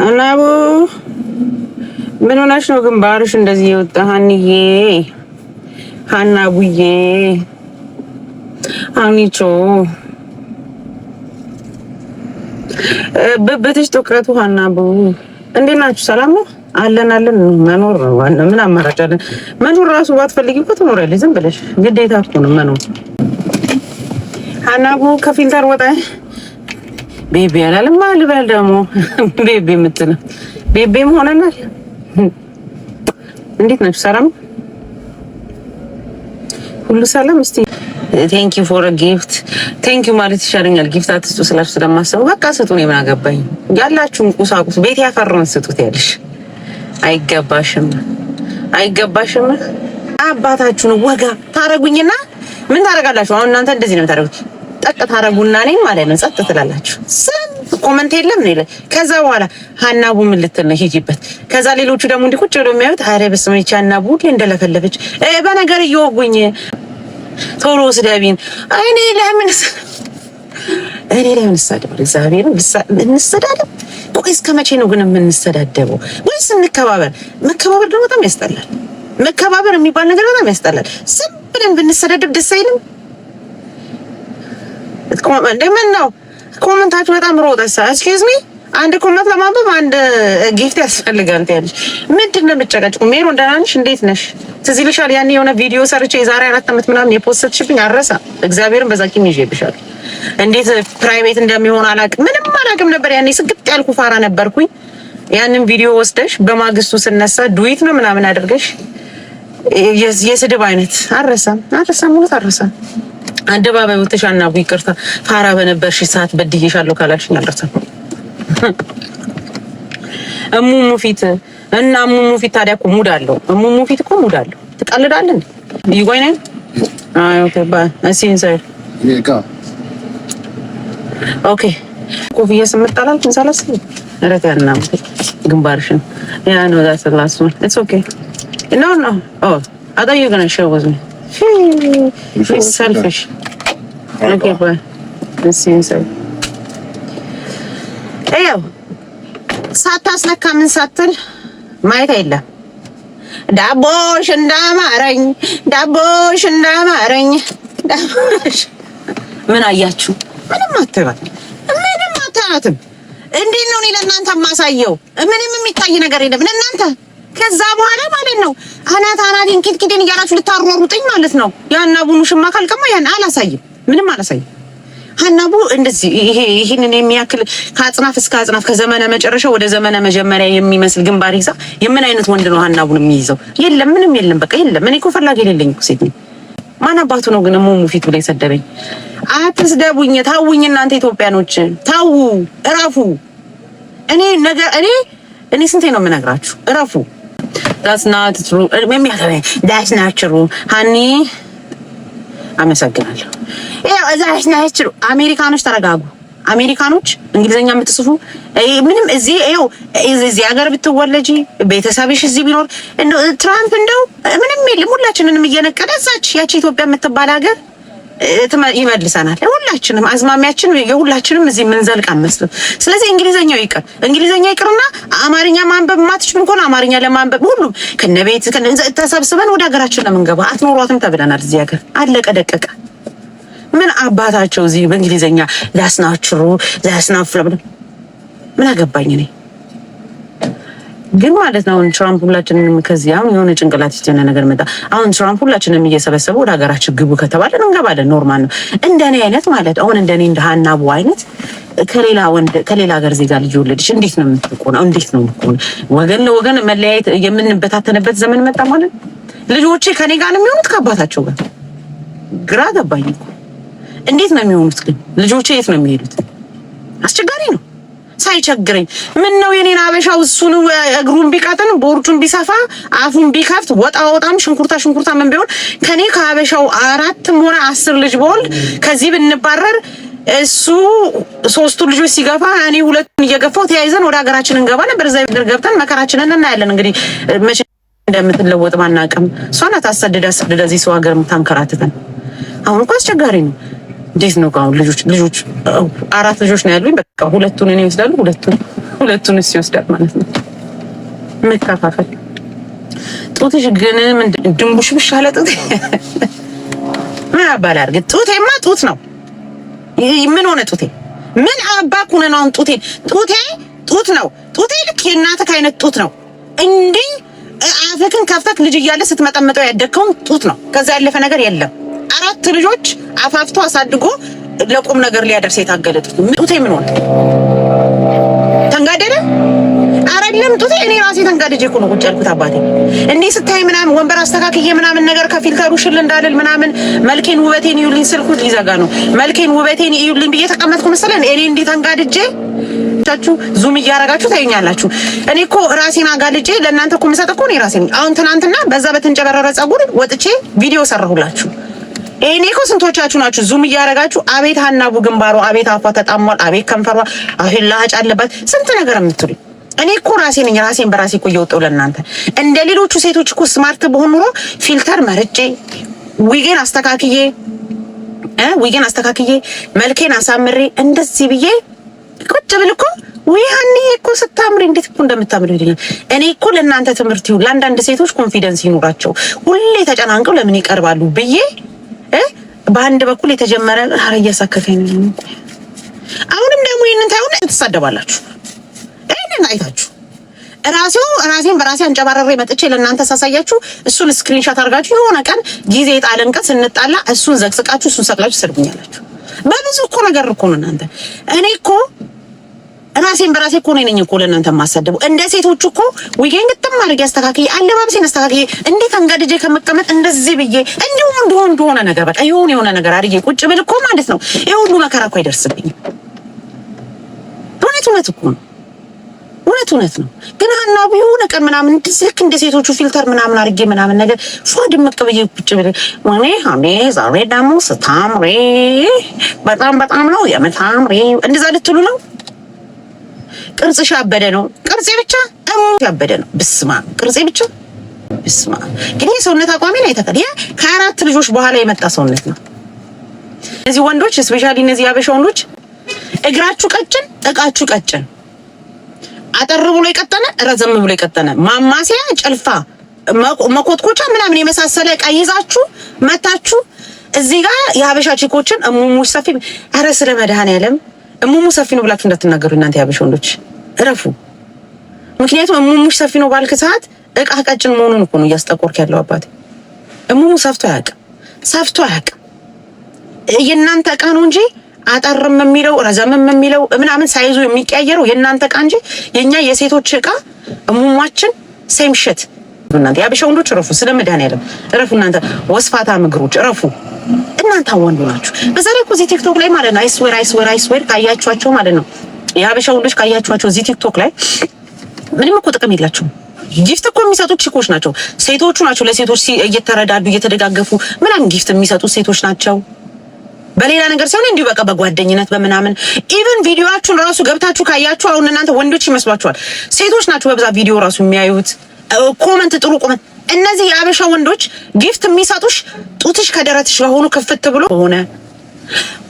አላቡ ምን ሆነሽ ነው ግንባርሽ እንደዚህ የወጣ? ሀንዬ ሀናቡዬ ሀኒቾ በበትሽ ትኩረቱ ሀናቡ እንዴት ናችሁ? ሰላም ነው አለን አለን መኖር ነው ምን አማራጭ አለን? መኖር ራሱ ባትፈልጊበት ትኖሪያለሽ። ዝም ብለሽ ግዴታ እኮ ነው መኖር። ሀናቡ ከፊልተር ወጣ ቤቢ አላልም አልበል ደግሞ ቤቢ የምትለው ቤቢም ሆነናል። እንዴት ናችሁ? ሰላም ሁሉ ሰላም። እስቲ ቴንክ ዩ ፎር ጊፍት ቴንክ ዩ ማለት ይሻለኛል። ጊፍት አትስጡ ስላችሁ ስለማሰቡ በቃ ስጡ። ነው ምን አገባኝ። ያላችሁን ቁሳቁስ ቤት ያፈራውን ስጡት። ያለሽ አይገባሽም፣ አይገባሽም። አባታችሁን ወጋ ታረጉኝና ምን ታረጋላችሁ? አሁን እናንተ እንደዚህ ነው የምታደርጉት ጠቅ ታረጉና ነኝ ማለት ነው ጸጥ ትላላችሁ። ስንት ኮመንት የለም ነው ይላል። ከዛ በኋላ ሀናቡ ምን ልትል ነው ሂጂበት። ከዛ ሌሎቹ ደግሞ እንዲህ ቁጭ ብሎ የሚያዩት አረ በስመ ይህች ሀናቡ ሁሌ እንደለፈለፈች በነገር እየወጉኝ ቶሎ ስደቢን እኔ ለምን እኔ ላይ እንሰዳደብ እግዚአብሔር እንሰዳደብ። ቆይ እስከ መቼ ነው ግን የምንሰዳደበው? ወይስ እንከባበር? መከባበር ደግሞ በጣም ያስጠላል። መከባበር የሚባል ነገር በጣም ያስጠላል። ዝም ብለን ብንሰዳደብ ደስ አይልም። ምን ነው ኮመንታችሁ በጣም ሮጠሳ። ኤክስኪውዝ ሚ አንድ ኮመንት ለማንበብ አንድ ጊፍት ያስፈልጋል ያለች ምንድን ነው የምጨቀጭቁ? ሜሮን ደህና ነሽ? እንዴት ነሽ? ትዝ ይልሻል ያኔ የሆነ ቪዲዮ ሰርቼ የዛሬ አራት ዓመት ምናምን የፖስትሽብኝ አረሳ። እግዚአብሔርን በዛ ቂም ይዤብሻል። እንዴት ፕራይቬት እንደሚሆን አላውቅም፣ ምንም አላውቅም ነበር ያኔ። ስግጥ ያልኩ ፋራ ነበርኩኝ። ያንን ቪዲዮ ወስደሽ በማግስቱ ስነሳ ዱዊት ነው ምናምን አድርገሽ የስድብ አይነት አረሳም፣ አረሳም፣ ሙሉት አረሳም አደባባይ ወተሽ አናቡ ይቅርታ ፋራ በነበርሽ ሰዓት በድዬሻለሁ ካላልሽኝ አልደርስም። እሙሙ ፊት እና እሙሙ ፊት ታዲያ እኮ ሙድ አለው። እሙሙ ፊት እኮ ሙድ አለው። ትቀልዳለህ። ይጎይነን አይ ኦኬ ባይ አይ ሲ ኢንሳይድ ይካ ኦኬ ኮፍያ ስምጣላል ትንሳለስ ረተና ግንባርሽን ያ ነው ዳሰላስ ላስት ኢትስ ኦኬ ኖ ኖ ኦ አዳዩ ዳዩ ጎና ሾው ሚ Hmm. She's ይኸው ሳታስለካ ምን ሳትል ማየት የለም። ዳቦሽ እንዳማረኝ ዳቦሽ እንዳማረኝ ዳቦሽ ምን አያችሁ? ምንም አትባት፣ ምንም አታያትም። እንዴት ነው እኔ ለእናንተ የማሳየው? ምንም የሚታይ ነገር የለም እናንተ ከዛ በኋላ ማለት ነው አናት አናቴን ቂጥቂጤን እያላችሁ ልታሯሩጠኝ ማለት ነው። የሀናቡን ውሽማ ካልቀማ ያን አላሳይም፣ ምንም አላሳይም። ሀናቡ እንደዚህ ይሄ ይህንን የሚያክል ከአጽናፍ እስከ አጽናፍ ከዘመነ መጨረሻ ወደ ዘመነ መጀመሪያ የሚመስል ግንባር ይዛ የምን አይነት ወንድ ነው ሀናቡን የሚይዘው? የለም፣ ምንም የለም፣ በቃ የለም። እኔ እኮ ፈላጊ የሌለኝ ሴት ነኝ። ማን አባቱ ነው ግን ሙሙ ፊት ብሎ የሰደበኝ? አትስደቡኝ፣ ታውኝ። እናንተ ኢትዮጵያኖች ታው፣ እረፉ። እኔ ነገ እኔ እኔ ስንቴ ነው የምነግራችሁ? እረፉ። ዳስናችሩ ሀኒ uh, አመሰግናለሁ። ይኸው እዛ ናችሩ አሜሪካኖች ተረጋጉ። አሜሪካኖች እንግሊዝኛ የምትጽፉ ምንም እዚህ ይኸው እዚህ ሀገር ብትወለጂ ቤተሰብሽ እዚህ ቢኖር ትራምፕ እንደው ምንም የለም ሁላችንንም እየነቀለ እዛች ያቺ ኢትዮጵያ የምትባል ሀገር ይመልሰናል። ሁላችንም አዝማሚያችን የሁላችንም እዚህ የምንዘልቅ አንመስልም። ስለዚህ እንግሊዘኛው ይቅር እንግሊዘኛ ይቅርና አማርኛ ማንበብ ማትችም እንኳን አማርኛ ለማንበብ ሁሉም ከነቤት ተሰብስበን ወደ ሀገራችን ለምንገባ አትኖሯትም ተብለናል። እዚህ ሀገር አለቀ ደቀቀ። ምን አባታቸው እዚህ በእንግሊዘኛ ላስናችሩ ላስናፍረ ምን አገባኝ እኔ ግን ማለት ነው አሁን ትራምፕ ሁላችንም ከዚህ አሁን የሆነ ጭንቅላት የሆነ ነገር መጣ። አሁን ትራምፕ ሁላችንም እየሰበሰበ ወደ ሀገራችን ግቡ ከተባለ እንገባለን። ኖርማል ነው። እንደኔ አይነት ማለት አሁን እንደኔ እንደ ሀናቡ አይነት ከሌላ ወንድ ከሌላ ሀገር ዜጋ ልጅ ወለደች እንዴት ነው ነው እንዴት ነው የምትቆነው? ወገን ለወገን መለያየት የምንበታተንበት ዘመን መጣ ማለት ልጆቼ ከኔ ጋር ነው የሚሆኑት ከአባታቸው ጋር። ግራ ገባኝ እንዴት ነው የሚሆኑት ግን? ልጆቼ የት ነው የሚሄዱት? አስቸጋሪ ነው። ሳይቸግረኝ ምን ነው የኔን አበሻው እሱን እግሩን ቢቀጥን ቦርጩን ቢሰፋ አፉን ቢከፍት ወጣ ወጣም ሽንኩርታ ሽንኩርታ ምን ቢሆን ከኔ ከአበሻው አራት ሆነ አስር ልጅ በወልድ ከዚህ ብንባረር እሱ ሶስቱ ልጆች ሲገፋ እኔ ሁለቱን እየገፋው ተያይዘን ወደ ሀገራችን እንገባ ነበር። እዛ ብድር ገብተን መከራችንን እናያለን። እንግዲህ መቼ እንደምትለወጥ ማናቅም። እሷ ናት አሳድዳ አሳድዳ እዚህ ሰው ሀገር የምታንከራትተን። አሁን እኮ አስቸጋሪ ነው። እንዴት ነው ጋር ልጆች ልጆች አራት ልጆች ነው ያሉኝ። በቃ ሁለቱን እኔ ይወስዳሉ፣ ሁለቱን ሁለቱን እሱ ይወስዳል ማለት ነው። መከፋፈል። ጡትሽ ግን ምንድን ድንቡሽብሽ አለ። ጡት ምን አባል አድርገህ ጡቴማ ጡት ነው። ምን ሆነ ጡቴ? ምን አባክ ሆነ ነው አሁን ጡቴ? ጡቴ ጡት ነው። ጡቴ ልክ የእናትህ አይነት ጡት ነው። እንዲህ አፍህን ከፍተህ ልጅ እያለ ስትመጠመጠው ያደግከውን ጡት ነው። ከዛ ያለፈ ነገር የለም። አራት ልጆች አፋፍቶ አሳድጎ ለቁም ነገር ሊያደርስ የታገለ ጡቴ ምን ሆነ? ተንጋደደ አይደለም ጡቴ። እኔ ራሴ ተንጋደጄ እኮ ነው ቁጭ ያልኩት። አባቴ እንዴ ስታይ ምናምን ወንበር አስተካክዬ ምናምን ነገር ከፊልተሩ ሽል እንዳልል ምናምን መልኬን ውበቴን ይዩልኝ፣ ስልኩ ሊዘጋ ነው። መልኬን ውበቴን ይዩልኝ ብዬ ተቀመጥኩ መሰለን። እኔ እንዲህ ተንጋድጄ ቻችሁ ዙም እያረጋችሁ ታዩኛላችሁ። እኔ እኮ ራሴን አጋልጬ ለእናንተ እኮ የምሰጥ እኮ እኔ ራሴ አሁን ትናንትና በዛ በተንጨበረረ ጸጉር ወጥቼ ቪዲዮ ሰራሁላችሁ። እኔ እኮ ስንቶቻችሁ ናችሁ ዙም እያደረጋችሁ አቤት ሀናቡ ግንባሯ፣ አቤት አፏ ተጣሟል፣ አቤት ከንፈሯ፣ አሁን ላጭ አለባት ስንት ነገር የምትሉ እኔ እኮ ራሴ ነኝ ራሴን በራሴ እኮ እየወጣሁ ለእናንተ። እንደ ሌሎቹ ሴቶች እኮ ስማርት በሆን ኑሮ ፊልተር መርጬ ዊጌን አስተካክዬ ዊጌን አስተካክዬ መልኬን አሳምሬ እንደዚህ ብዬ ቁጭ ብል እኮ ወይ እኮ ስታምሪ እንዴት እኮ እንደምታምሪ ይደኛል። እኔ እኮ ለእናንተ ትምህርት ይሁን ለአንዳንድ ሴቶች ኮንፊደንስ ይኑራቸው። ሁሌ ተጨናንቀው ለምን ይቀርባሉ ብዬ በአንድ በኩል የተጀመረ ኧረ እያሳከፈኝ ነው። አሁንም ደግሞ ይህንን ታይሆን ትሳደባላችሁ። ይህንን አይታችሁ ራሴው ራሴን በራሴ አንጨባረሬ መጥቼ ለእናንተ ሳሳያችሁ እሱን ስክሪንሻት አድርጋችሁ የሆነ ቀን ጊዜ የጣለን ቀን ስንጣላ እሱን ዘቅዝቃችሁ እሱን ሰቅላችሁ ትሰድቡኛላችሁ። በብዙ እኮ ነገር እኮ ነው እናንተ እኔ እኮ ራሴን በራሴ እኮ ነኝ እኮ ለእናንተ የማሳደበው። እንደ ሴቶች እኮ ዊጌን ግጥም አድርጌ አስተካክዬ አለባበሴን አስተካክዬ እንዴት አንጋድጄ ከመቀመጥ እንደዚህ ብዬ እንዲሁም እንደሆነ እንደሆነ ነገር በቃ ይሁን የሆነ ነገር አድርጌ ቁጭ ብል እኮ ማለት ነው ይሄ ሁሉ መከራ እኮ አይደርስብኝም። እውነት እውነት እኮ ነው። እውነት እውነት ነው። ግን ሀና የሆነ ቀን ምናምን ልክ እንደ ሴቶቹ ፊልተር ምናምን አድርጌ ምናምን ነገር ፏ ድምቅ ብዬ ቁጭ ብል ወኔ ሀሜ ዛሬ ደግሞ ስታምሬ በጣም በጣም ነው የምታምሬ እንደዛ ልትሉ ነው ቅርጽሽ አበደ ነው። ቅርጼ ብቻ ያበደ ነው። ብስማ ቅርጼ ብቻ ብስማ። ግን ሰውነት አቋሚ ላይ ተቀል ከአራት ልጆች በኋላ የመጣ ሰውነት ነው። እነዚህ ወንዶች ስፔሻሊ እነዚህ ያበሻ ወንዶች እግራችሁ ቀጭን፣ እቃችሁ ቀጭን፣ አጠር ብሎ የቀጠነ ረዘም ብሎ የቀጠነ ማማሲያ፣ ጭልፋ፣ መኮትኮቻ ምናምን የመሳሰለ ዕቃ ይዛችሁ መታችሁ እዚህ ጋር የሀበሻ ቺኮችን እሙሙ ሰፊ አረ ስለ መድኃኔዓለም እሙሙ ሰፊ ነው ብላችሁ እንዳትናገሩ እናንተ ያበሽ ወንዶች እረፉ። ምክንያቱም እሙሙሽ ሰፊ ነው ባልክ ሰዓት እቃ ቀጭን መሆኑን እኮ ነው እያስጠቆርክ ያለው አባቴ። እሙሙ ሰፍቶ አያውቅም፣ ሰፍቶ አያውቅም። የእናንተ እቃ ነው እንጂ አጠርም የሚለው ረዘምም የሚለው ምናምን ሳይዙ የሚቀያየረው የእናንተ እቃ እንጂ የእኛ የሴቶች እቃ እሙሟችን ሴም ሽት እናንተ የአበሻ ወንዶች እረፉ፣ ስለ መድኃኒዓለም እረፉ። እናንተ ወስፋታ ምግሮች እረፉ። እናንተ ወንዱ ናችሁ። በዛ ላይ እኮ እዚህ ቲክቶክ ላይ ማለት ነው አይስዌር አይስዌር አይስዌር ካያችኋቸው ማለት ነው የአበሻ ወንዶች ካያችኋቸው እዚህ ቲክቶክ ላይ ምንም እኮ ጥቅም የላቸውም። ጊፍት እኮ የሚሰጡት ቺኮች ናቸው፣ ሴቶቹ ናቸው። ለሴቶች እየተረዳዱ እየተደጋገፉ ምናምን ጊፍት የሚሰጡት ሴቶች ናቸው። በሌላ ነገር ሳይሆን እንዲሁ በቃ በጓደኝነት በምናምን ኢቭን ቪዲዮአችሁን ራሱ ገብታችሁ ካያችሁ አሁን እናንተ ወንዶች ይመስሏችኋል። ሴቶች ናቸው በብዛት ቪዲዮ ራሱ የሚያዩት ኮመንት ጥሩ ቁም። እነዚህ የአበሻ ወንዶች ጊፍት የሚሰጡሽ ጡትሽ ከደረትሽ ለሆኑ ክፍት ብሎ ሆነ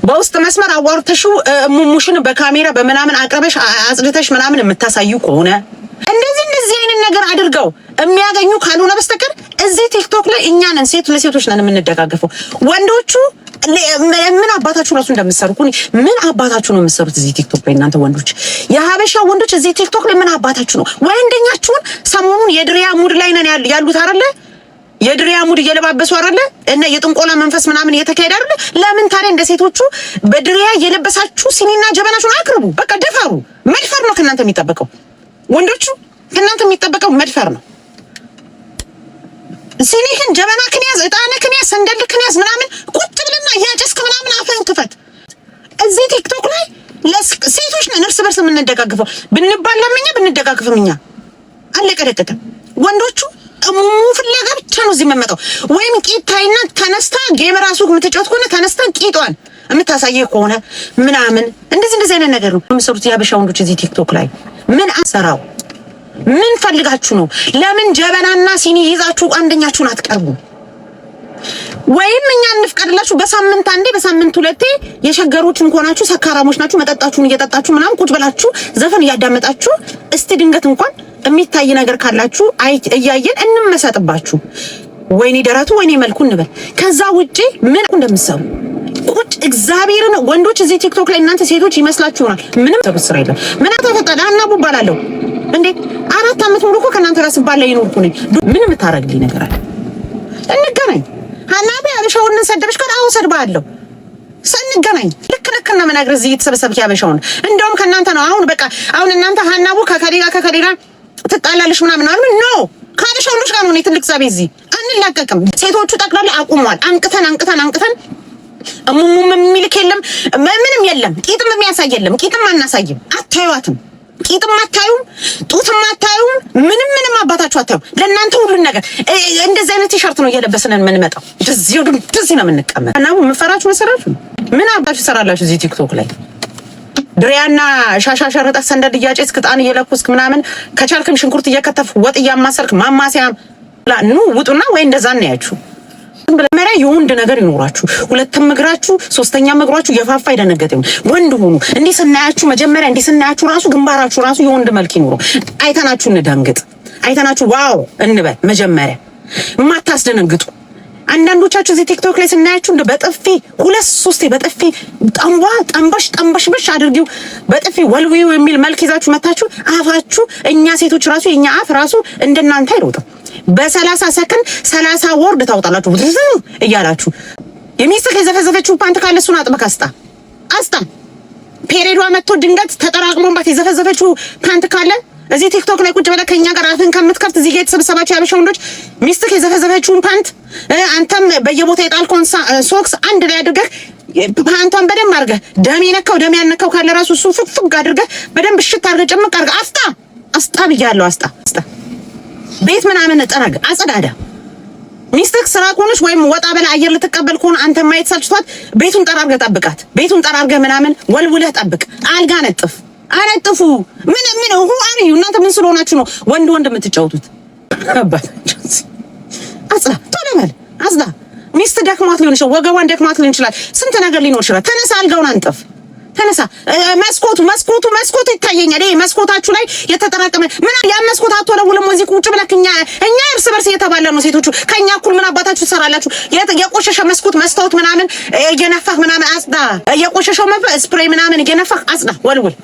በውስጥ መስመር አዋርተሽው ሙሙሽን በካሜራ በምናምን አቅርበሽ አጽድተሽ ምናምን የምታሳዩ ከሆነ እንደዚህ እንደዚህ አይነት ነገር አድርገው የሚያገኙ ካልሆነ በስተቀር እዚህ ቲክቶክ ላይ እኛ ነን ሴት ለሴቶች ነን የምንደጋገፈው ወንዶቹ ምን አባታችሁ ራሱ እንደምትሰሩ ምን አባታችሁ ነው የምትሰሩት እዚህ ቲክቶክ ላይ እናንተ ወንዶች፣ የሀበሻ ወንዶች እዚህ ቲክቶክ ላይ ምን አባታችሁ ነው? ወንደኛችሁን ሰሞኑን የድሪያ ሙድ ላይ ነን ያሉት አይደለ? የድሪያ ሙድ እየለባበሱ አይደለ? እና የጥንቆላ መንፈስ ምናምን እየተካሄደ አይደለ? ለምን ታዲያ እንደ ሴቶቹ በድሪያ እየለበሳችሁ ሲኒና ጀበናችሁን አቅርቡ። በቃ ደፈሩ መድፈር ነው ከእናንተ የሚጠበቀው ወንዶቹ፣ ከእናንተ የሚጠበቀው መድፈር ነው። ሲኒህን ጀበና ክንያዝ፣ እጣንክን ክንያዝ፣ ሰንደል ክንያዝ ምናምን ቁጭ ብለና እያጨስክ ምናምን አፈን ክፈት። እዚህ ቲክቶክ ላይ ሴቶች ነን እርስ በርስ የምንደጋግፈው። ብንባላም እኛ ብንደጋግፍም እኛ አለቀደቀደ። ወንዶቹ እሙሙ ፍለጋ ብቻ ነው እዚህ የምመጣው። ወይም ቂታይና ተነስታ ጌም ራሱ የምትጫወት ከሆነ ተነስታ ቂጧን የምታሳየ ከሆነ ምናምን እንደዚህ እንደዚህ አይነት ነገር ነው የምሰሩት የሀበሻ ወንዶች እዚህ ቲክቶክ ላይ ምን አሰራው ምን ፈልጋችሁ ነው? ለምን ጀበናና ሲኒ ይዛችሁ አንደኛችሁን አትቀርቡ? ወይም እኛ እንፍቀድላችሁ። በሳምንት አንዴ በሳምንት ሁለቴ የሸገሮችን ከሆናችሁ ሰካራሞች ናችሁ፣ መጠጣችሁን እየጠጣችሁ ምናምን ቁጭ ብላችሁ ዘፈን እያዳመጣችሁ እስቲ ድንገት እንኳን የሚታይ ነገር ካላችሁ እያየን እንመሰጥባችሁ። ወይኔ ደረቱ ወይኔ መልኩ እንበል። ከዛ ውጪ ምን እንደምሰሩ ቁጭ እግዚአብሔርን ወንዶች እዚህ ቲክቶክ ላይ እናንተ ሴቶች ይመስላችሁናል። ምንም ተብስራ የለም። ምን አተፈጠደ አናቡ እባላለሁ እንዴ አራት ዓመት ሙሉ እኮ ከእናንተ ጋር ስባል ላይ ይኖርኩ ነኝ። ምን የምታረግልኝ ነገር አለ? እንገናኝ። ሀናቢ አበሻውን ሰደበሽ ካል አዎ ሰድባለሁ። እንገናኝ። ልክ ልክ እና መናገር እዚህ እየተሰበሰብክ ያበሻውን እንደውም ከእናንተ ነው። አሁን በቃ አሁን እናንተ ሀናቡ ከከሌላ ከከሌላ ትጣላለሽ ምናምን አሉ ኖ ካለሽ ወንዶች ጋር ነው እኔ ትልቅ ዛቤ እዚህ አንላቀቅም። ሴቶቹ ጠቅላላ አቁሟል። አንቅተን አንቅተን አንቅተን እሙሙም የሚልክ የለም ምንም የለም። ቂጥም የሚያሳይ የለም። ቂጥም አናሳይም። አታዩዋትም ቂጥም አታዩም፣ ጡትም አታዩም፣ ምንም ምንም አባታችሁ አታዩም። ለእናንተ ሁሉን ነገር እንደዚህ አይነት ቲሸርት ነው እየለበስን የምንመጣው። እንደዚህ ወድም እንደዚህ ነው የምንቀመጥ እና የምፈራችሁ መሰራችሁ ምን አባችሁ ይሰራላችሁ እዚህ ቲክቶክ ላይ ድሪያና ሻሻ ሸረጠ ሰንደድ እያጨስክ ዕጣን እየለኩስክ ምናምን ከቻልክም ሽንኩርት እየከተፍ ወጥ እያማሰርክ ማማሲያም ላኑ ውጡና ወይ እንደዛ እናያችሁ። ሁለቱም መጀመሪያ የወንድ ነገር ይኖራችሁ፣ ሁለትም እግራችሁ፣ ሶስተኛም እግራችሁ የፋፋ አይደነገጥም። ወንድ ሆኑ። እንዲህ ስናያችሁ መጀመሪያ እንዲህ ስናያችሁ ራሱ ግንባራችሁ ራሱ የወንድ መልክ ይኖረው። አይተናችሁ እንደንግጥ፣ አይተናችሁ ዋው እንበል። መጀመሪያ የማታስደነግጡ አንዳንዶቻችሁ እዚህ ቲክቶክ ላይ ስናያችሁ እንደ በጥፊ ሁለት ሶስቴ በጥፊ ጠንቧ ጠንበሽ ጠንበሽ ብሽ አድርጊው በጥፊ ወልዊው የሚል መልክ ይዛችሁ መታችሁ አፋችሁ እኛ ሴቶች ራሱ የኛ አፍ ራሱ እንደናንተ አይሮጥም። በሰላሳ ሰከንድ ሰላሳ ወርድ ታውጣላችሁ እያላችሁ የሚስትህ የዘፈዘፈችው ፓንት ካለ እሱን አጥበህ አስጣ አስጣ። ፔሬዷ መጥቶ ድንገት ተጠራቅሞባት የዘፈዘፈችው ፓንት ካለ እዚህ ቲክቶክ ላይ ቁጭ ብለህ ከኛ ጋር አፍን ከምትከፍት እዚህ ጋር የተሰበሰባችሁ ያበሻ ወንዶች ሚስትህ የዘፈዘፈችውን ፓንት አንተም በየቦታ የጣልከውን ሶክስ አንድ ላይ አድርገህ ፓንቷን በደንብ አድርገህ ደም የነካው ደም ያነካው ካለ ራሱ እሱ ፍግፍግ አድርገህ በደንብ እሽት አድርገህ ጭምቅ አድርገህ አስጣ አስጣ ብያለሁ። አስጣ አስጣ ቤት ምናምን ጠረግ አጸዳዳ። ሚስትህ ስራ ከሆነች ወይም ወጣ ብላ አየር ልትቀበል ከሆነ አንተ ማየት ሰልችቷት ቤቱን ጠራርገህ ጠብቃት። ቤቱን ጠራርገህ ምናምን ወልውለህ ጠብቅ። አልጋ ነጥፍ። አነጥፉ። ምን ምን ሁ አሪ እናንተ ምን ስለሆናችሁ ነው ወንድ ወንድ የምትጫወቱት? አባታችሁ አጽዳ፣ ቶሎ በል አጽዳ። ሚስት ደክማት ሊሆን ይችላል፣ ወገቧን ደክማት ሊሆን ይችላል፣ ስንት ነገር ሊኖር ይችላል። ተነሳ፣ አልጋውን አንጥፍ። ተነሳ። መስኮቱ መስኮቱ መስኮቱ ይታየኛል። ይሄ መስኮታችሁ ላይ የተጠራቀመ ምን ያን መስኮት አትወለውልም? እዚህ ቁጭ ብለህ እኛ እኛ እርስ በርስ እየተባለ ነው። ሴቶቹ ከኛ እኩል ምን አባታችሁ ትሰራላችሁ? የቆሸሸ መስኮት መስታወት ምናምን እየነፋህ ምናምን አጽዳ። የቆሸሸው መብ ስፕሬይ ምናምን እየነፋህ አጽዳ፣ ወልውል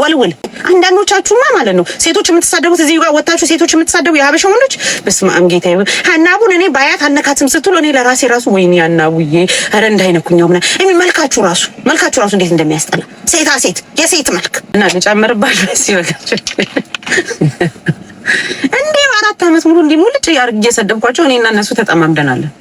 ወልውል። አንዳንዶቻችሁማ ማለት ነው ሴቶች የምትሳደቡት እዚህ ጋር ወታችሁ ሴቶች የምትሳደቡ የሀበሻ ወንዶች፣ በስመ አብ ጌታ ሀናቡን እኔ ባያት አነካትም ስትሉ እኔ ለራሴ ራሱ ወይኔ ያናቡዬ ረ እንዳይነኩኛው ምናምን መልካችሁ ራሱ መልካችሁ ራሱ እንዴት እንደሚያስጠላ ሴታ ሴት የሴት መልክ እና ልጨምርባለሁ ሲበቃችሁ እንዲህ በአራት ዓመት ሙሉ እንዲህ ሙልጭ እያደረግህ እየሰደብኳቸው እኔ እና እነሱ ተጠማምደናለን።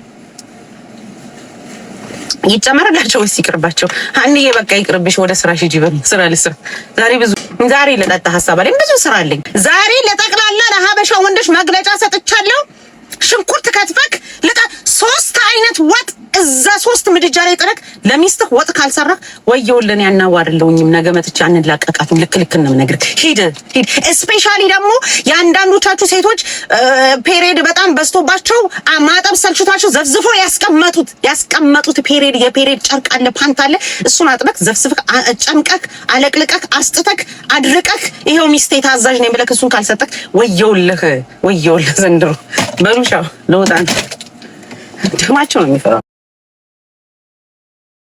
ይጨመርላቸው ወይስ ይቅርባቸው? አንዬ በቃ ይቅርብሽ፣ ወደ ስራሽ ሂጂ። ስራ ልስራ ዛሬ ብዙ ዛሬ ለጠጣ ሀሳብ አለኝ፣ ብዙ ስራ አለኝ ዛሬ። ለጠቅላላ ለሀበሻ ወንዶች መግለጫ ሰጥቻለሁ። ሽንኩርት ከትፈክ ልጣ ሶስት አይነት ወጥ እዛ ሶስት ምድጃ ላይ ጥረክ ለሚስትህ ወጥ ካልሰራህ ወየውልን ያናዋርለውኝም ነገ መጥቻ አንላቀቃትም። ልክ ልክ ነው የምነግርህ። ሂድ ሂድ። እስፔሻሊ ደግሞ የአንዳንዶቻችሁ ሴቶች ፔሬድ በጣም በዝቶባቸው ማጠብ ሰልችቷቸው ዘፍዝፎ ያስቀመጡት ያስቀመጡት ፔሬድ የፔሬድ ጨርቅ አለ፣ ፓንት አለ። እሱን አጥበክ ዘፍዝፍክ፣ ጨምቀክ አለቅልቀክ አስጥተክ አድርቀክ ይኸው ሚስቴ ታዛዥ ነኝ ብለክ እሱን ካልሰጠክ ወየውልህ ወየውልህ ዘንድሮ በሉ ሻው ለወጣን ነው የሚፈራው።